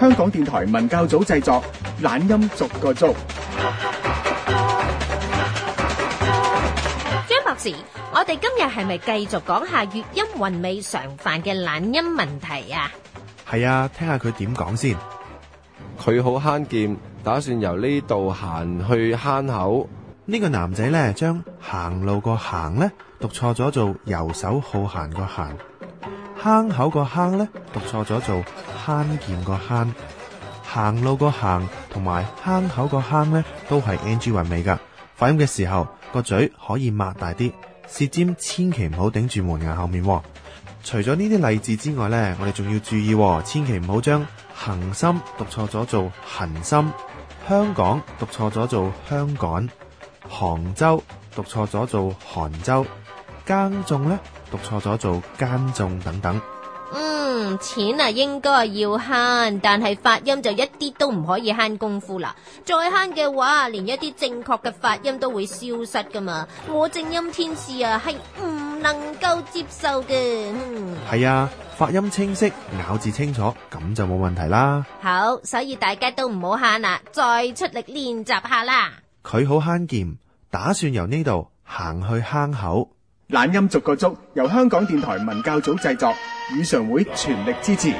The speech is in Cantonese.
香港電台文教組製作，懶音逐個捉。張博士，我哋今日係咪繼續講下粵音韻尾常犯嘅懶音問題啊？係啊，聽下佢點講先。佢好慳儉，打算由呢度行去坑口。呢個男仔咧，將行路個行咧讀錯咗，做游手好閒個閒。」坑口個坑咧，讀錯咗做慳劍個慳，行路個行同埋坑口個坑咧，都係 ng 韻尾噶。發音嘅時候，個嘴可以擘大啲，舌尖千祈唔好頂住門牙後面。除咗呢啲例子之外咧，我哋仲要注意、哦，千祈唔好將恒心讀錯咗做恒心，香港讀錯咗做香港，杭州讀錯咗做杭州，耕種咧，讀錯咗做奸眾等等，嗯，錢啊，應該係要慳，但係發音就一啲都唔可以慳功夫啦。再慳嘅話，連一啲正確嘅發音都會消失㗎嘛。我正音天使啊，係唔能夠接受嘅。嗯，係啊，發音清晰，咬字清楚，咁就冇問題啦。好，所以大家都唔好慳啦，再出力練習下啦。佢好慳儉，打算由呢度行去坑口。懶音逐個捉，由香港電台文教組製作，語常會全力支持。